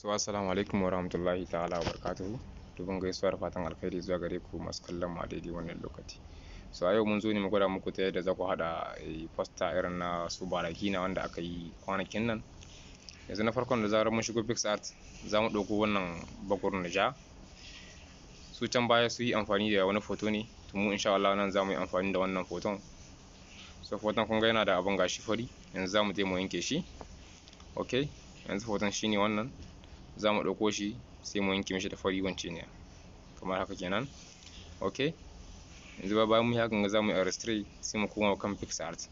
Sawa assalamu alaikum warahmatullahi ta'ala wa barakatuhu dubin gaisuwar fatan alkhairi zuwa gare ku masu kallon ma daidai wannan lokaci so a yau mun zo ne mu gwada muku ta yadda za ku haɗa eh, fasta irin na su baraki na wanda aka yi kwanakin nan yanzu na farkon da zarar mu shigo art za mu ɗauko wannan bakur nija. ja su can baya su yi amfani da wani foto ne to mu insha Allah nan za mu yi amfani da wannan foton so foton kun ga yana da abin gashi fari yanzu za mu je mu yanke shi ok yanzu foton shine wannan za mu ɗauko shi sai mu yanke mishi da fari ne kamar haka kenan ok yanzu ba bayan mu yi hakan za mu yi arrestray sai mu koma kan art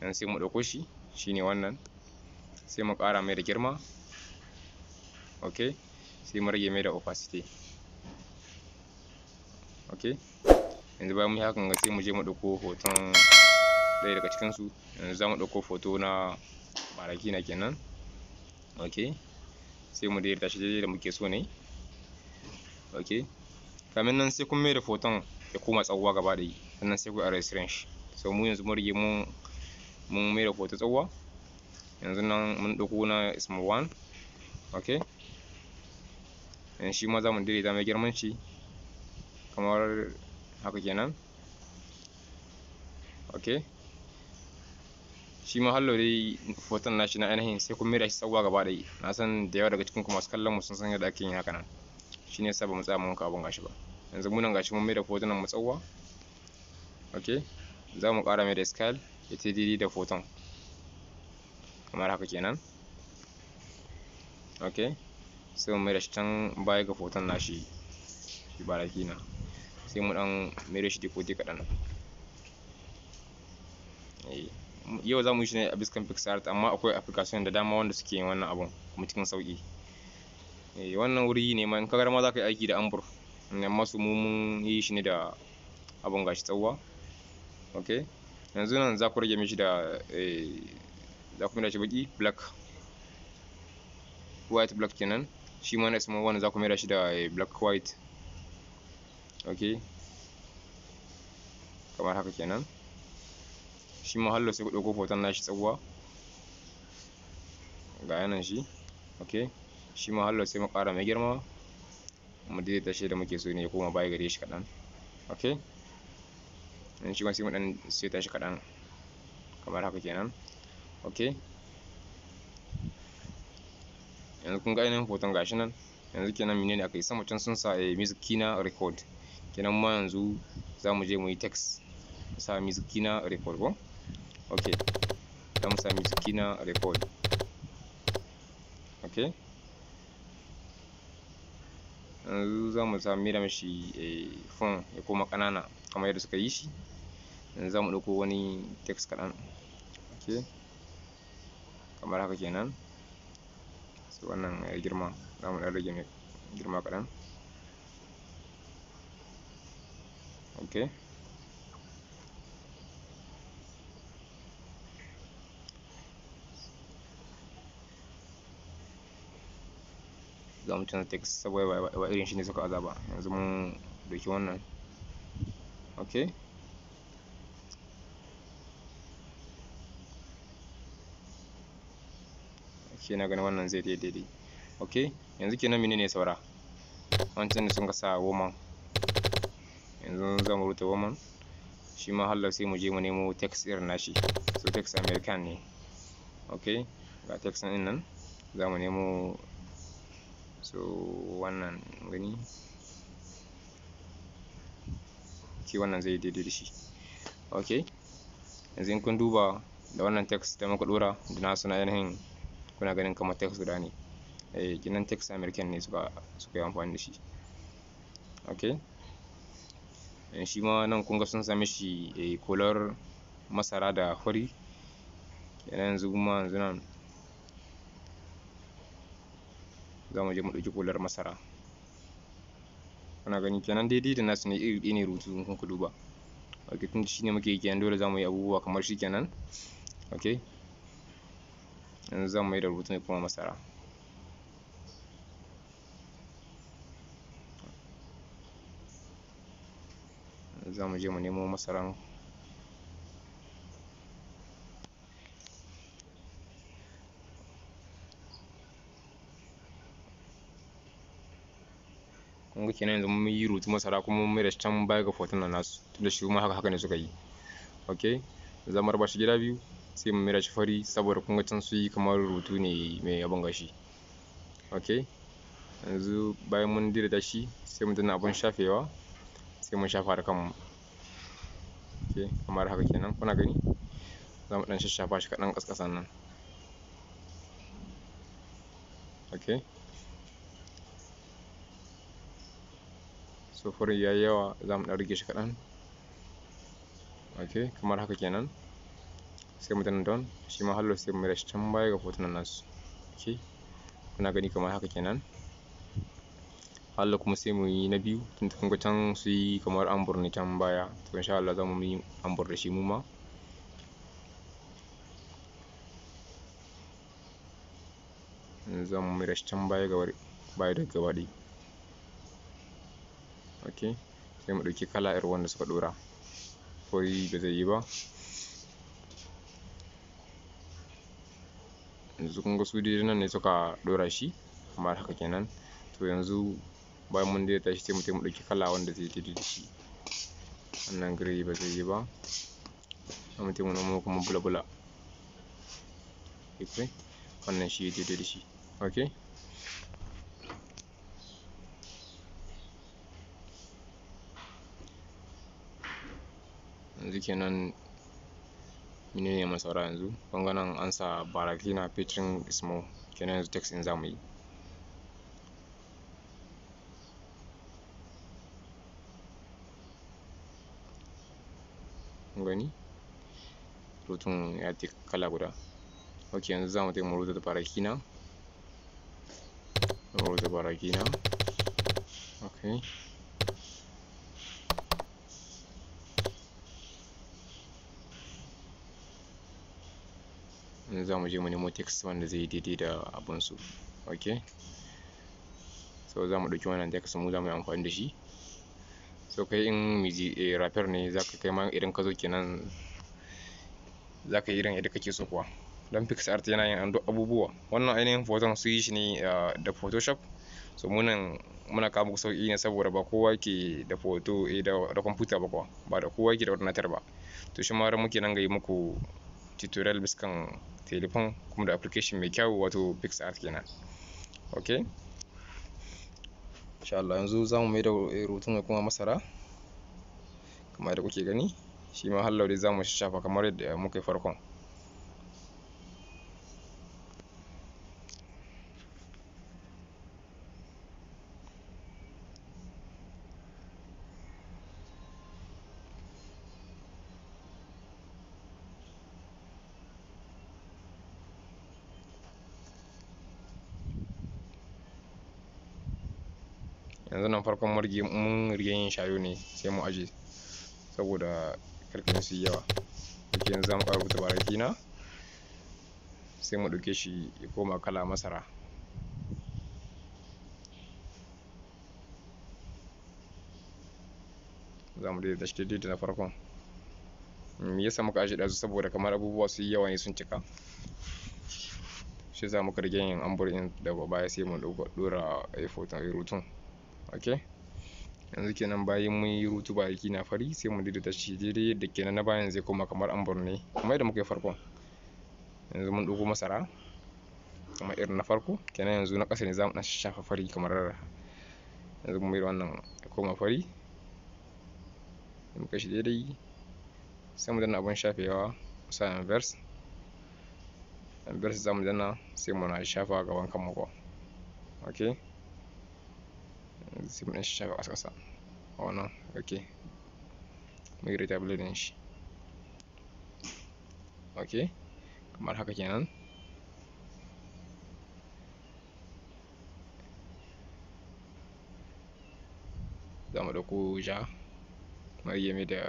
yanzu sai mu ɗauko shi shine wannan sai mu ƙara mai da girma ok sai mu rage mai da opacity ok yanzu bayan mun yi hakan sai mu je mu ɗauko hoton ɗaya daga cikinsu yanzu za mu ɗauko hoto na maraki na kenan ok sai mu daidaita shi daidai da muke so ne ok kamin nan sai kun mai da foton ya koma tsawwa gaba ɗaya sannan sai ku a resirin range so mu yanzu mun rige mun mun mai da foto tsawwa yanzu nan mun ɗauko na isma 1 ok yanzu shi ma za mu daidaita mai girman shi kamar haka kenan ok shi ma hallo dai hoton nashi na ainihin sai kun mira shi tsawa gaba ɗaya na san da yawa daga cikin ku masu kallon mu sun san yadda ake yin haka nan shi ne sabon ba mu tsaya mun abun gashi ba yanzu munan gashi mun mira hoton mu tsawa ok za mu ƙara mai da scale ya ce didi da hoton kamar haka kenan ok sai mu mira shi can baya ga hoton nashi shi ba baraki na sai mu dan mira shi dikodi kaɗan eh. yau za mu yi shi ne a biskan pixart amma akwai application da dama wanda suke yin wannan abun kuma cikin sauki eh, wannan wuri ne ma in ka ma za ka yi aiki da ambur amma su mu mun yi shi ne da abun gashi tsawwa ok yanzu nan za ku rage mishi da eh, za ku mira shi baki black white black kenan shi ma na small one za ku mira shi da eh, black white ok kamar haka kenan shi ma hallo sai ku ɗauko hoton nashi tsawuwa ga yanan shi ok shi ma hallo sai mu ƙara mai girma mu daidaita shi da muke so ne ya koma baya gare shi kaɗan ok in shi ma sai mu ɗan saita shi kaɗan kamar haka kenan ok yanzu kun ga ainihin hoton gashi nan yanzu kenan menene aka yi sama can sun sa eh, music kina record kenan ma yanzu za mu je mu yi text sa music kina record ko ok za mu sa music na record ok yanzu za mu sa mira mishi a eh, fon ya koma ƙanana kamar yadda suka yi shi yanzu za mu ɗauko wani text kaɗan ok kamar haka kenan so wannan ya girma za mu ɗan rage mai girma kaɗan ok za mu canza text saboda ba irin shi ne suka azaba yanzu mun doki wannan ok ok na gani wannan zai daidai ok yanzu kenan ne saura wancan da sun ka sa woman yanzu za mu rute woman shi ma hallar sai mu je mu nemo text irin nashi so text american ne ok ga text nan za mu nemo so wannan gani ki wannan zai daidai da shi ok yanzu in kun duba da wannan text da muka dora da nasu na yanayin kuna ganin kamar text guda ne eh kinan text american ne suka suka yi amfani da shi ok eh, shi ma nan kun ga sun same shi a eh, kolar masara da fari yanzu kuma yanzu nan za mu je mu ɗauki kolar masara ana gani kenan daidai da nasu ne iri ɗaya ne rubutu in kuka duba ok tun shi ne muke yi kenan dole za mu yi abubuwa kamar shi kenan ok yanzu za mu yi da rubutu ne kuma masara za mu je mu nemo masaran kun kenan yanzu mun yi rutu masara kuma mun da can baya ga fotuna nasu tunda shi kuma haka haka ne suka yi ok zamar ba shi gida biyu sai mun mira shi fari saboda kun ga can su yi kamar rutu ne mai abin gashi ok yanzu bayan mun dirida shi sai mun danna abin shafewa sai mun shafa da kanmu ok kamar haka kenan kuna gani za mu dan shashafa shi kaɗan ƙasƙasan nan okay sufurin ya yi yawa za mu ɗan rage shi kaɗan ok kamar haka kenan sai mu danna down shi ma hallo sai mu mai shi can baya ga hotunan nasu ok kuna gani kamar haka kenan hallo kuma sai mu yi na biyu tun kun can su yi kamar an ne can baya to insha Allah za mu yi an da shi mu ma za mu mai shi can baya ga baya da gaba ɗaya ok sai mu ɗauki kala irin wanda suka ɗora fari ba zai yi ba yanzu kun ga su dai nan ne suka ɗora shi kamar haka kenan to yanzu bayan mun daidaita shi sai mu mu ɗauki kala wanda zai daidai da shi wannan grey ba zai yi ba sai mu mu nemo kuma bula bula wannan shi ya daidai da shi ok yanzu kenan menene mai yanzu nan an sa barakina featuring ismo kenan yanzu text zamu yi gani ya kala guda ok yanzu zamu barakina mu barakina ok in za mu je mu nemo text wanda zai daidai da abun su ok so za mu ɗauki wannan text mu za mu yi amfani da shi so kai in miji eh, rapper ne za ka kai ma idan ka zo kenan za ka yi irin yadda kake so kuwa don pixart yana yin an duk abubuwa wannan ainihin photon su yi shi ne ah, da photoshop so munan muna kama muku sauki ne saboda ba kowa ke da photo eh, da kwamfuta ba kuwa ba da kowa ke da ordinator ba to shi ma muke nan ga yi muku tutorial biskan telefon kuma da application mai kyau wato pixar kenan ok insha Allah yanzu za mu mai da rutun da kuma masara kamar da kuke gani shi ma hallau dai za mu shafa kamar yadda muka yi farkon yanzu nan farkon marge mun rige yin shayo ne sai mu aje saboda karfin su yawa duk yanzu zamu karbu ta baraki na sai mu ɗauke shi ya koma kala masara za mu daidaita shi daidai da na farkon me yasa muka aje ɗazu saboda kamar abubuwa su yi yawa ne sun cika shi za mu karge yin amburin da baya sai mu ɗora rutun ok yanzu kenan bayan mun yi rutu ba aiki na fari sai mu daidaita shi daidai yadda kenan na bayan zai koma kamar an ne kamar yadda muka yi farkon yanzu mun ɗauko masara kamar irin na farko kenan yanzu na ƙasa ne za mu ɗan shafa fari kamar yanzu mun yi wannan ya koma fari muka shi daidai sai mu danna abin shafewa mu sa inverse inverse za mu danna sai mu na shafa gaban kan mako okay سيبنا الشبكة أساسا هنا أوكي oh no din shi ok kamar haka kenan za mu dauko ja marige mai da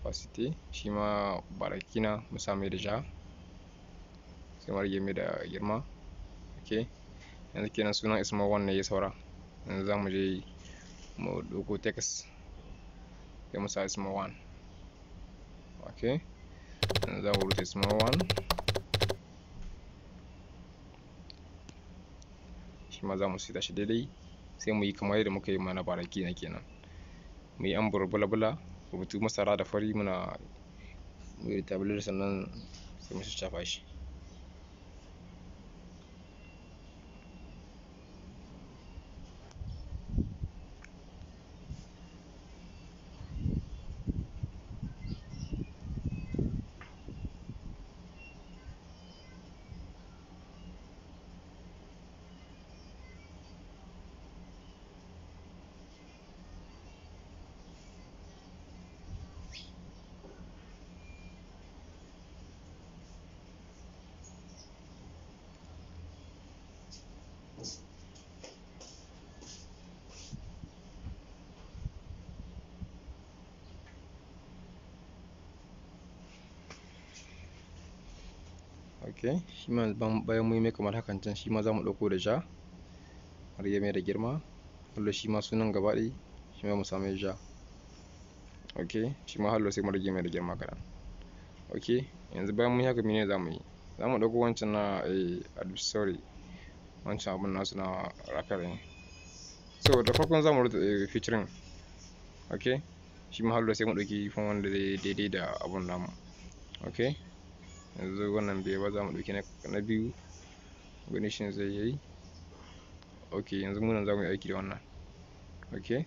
opacity shi ma barakina mu sa mai dia ja sai marige mai da girma ok yanzu kenan sunan isma 1 ne ya yanzu za mu je mu ɗauko text sai mu sa small one ok yanzu za mu rute small one shi ma za mu sita shi daidai sai mu yi kamar yadda muka yi mana baraki na kenan mu yi an bula-bula rubutu masara da fari muna mu yi tabular sannan sai mu shafa shi ok shi ma bayan mun yi mai kamar hakan can shi ma za mu ɗauko da ja har ya mai da girma hallo shi ma sunan gaba ɗaya shi ma mu samu ja ok shi ma hallo sai mu rage mai da girma kaɗan ok yanzu bayan mun yi haka mene za mu yi za mu ɗauko wancan na eh, a sorry wancan abin nasu na rapper ne so da farkon za mu rufe eh, fitirin ok shi ma hallo sai mu ɗauki fon wanda zai daidai da abun namu ok yanzu wannan bai ba za mu ɗauki na biyu gwanishin zai yi ok yanzu munan za mu yi aiki da wannan ok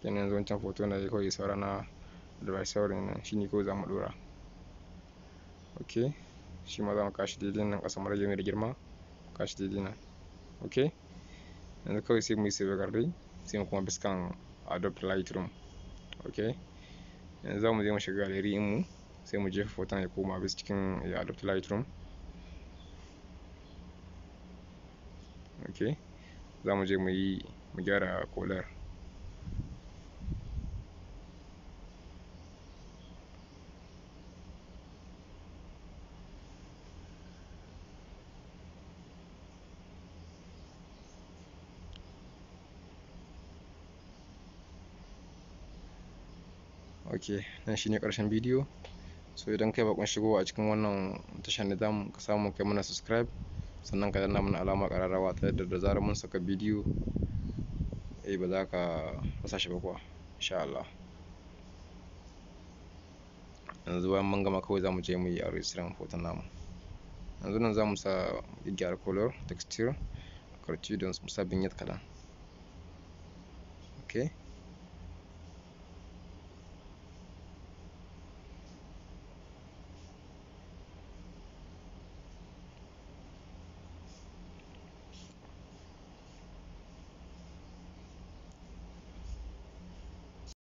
kenan yanzu wancan hoto na yi kawai saura na da saurin shi ne kawai za mu ɗora ok shi ma za mu kashi daidai nan ƙasa mara mai da girma kashi daidai nan ok yanzu kawai sai mu yi save sai mu kuma biskan adopt lightroom ok yanzu za mu je mu shiga galeri in mu sai mu jefa hoton ya koma bis cikin ya adopt lightroom ok za mu je mu yi mu gyara kolar ok nan shine karshen bidiyo so idan kai bakon shigo a cikin wannan tashar ne zamu ka samu kai mana subscribe sannan ka danna mana alama kararrawa ta yadda da zarar mun saka bidiyo eh ba za ka rasa shi ba kuwa insha Allah yanzu bayan mun gama kawai zamu je mu yi a registering hoton namu yanzu nan zamu sa gyara color texture cartoon don sa vignette kadan okay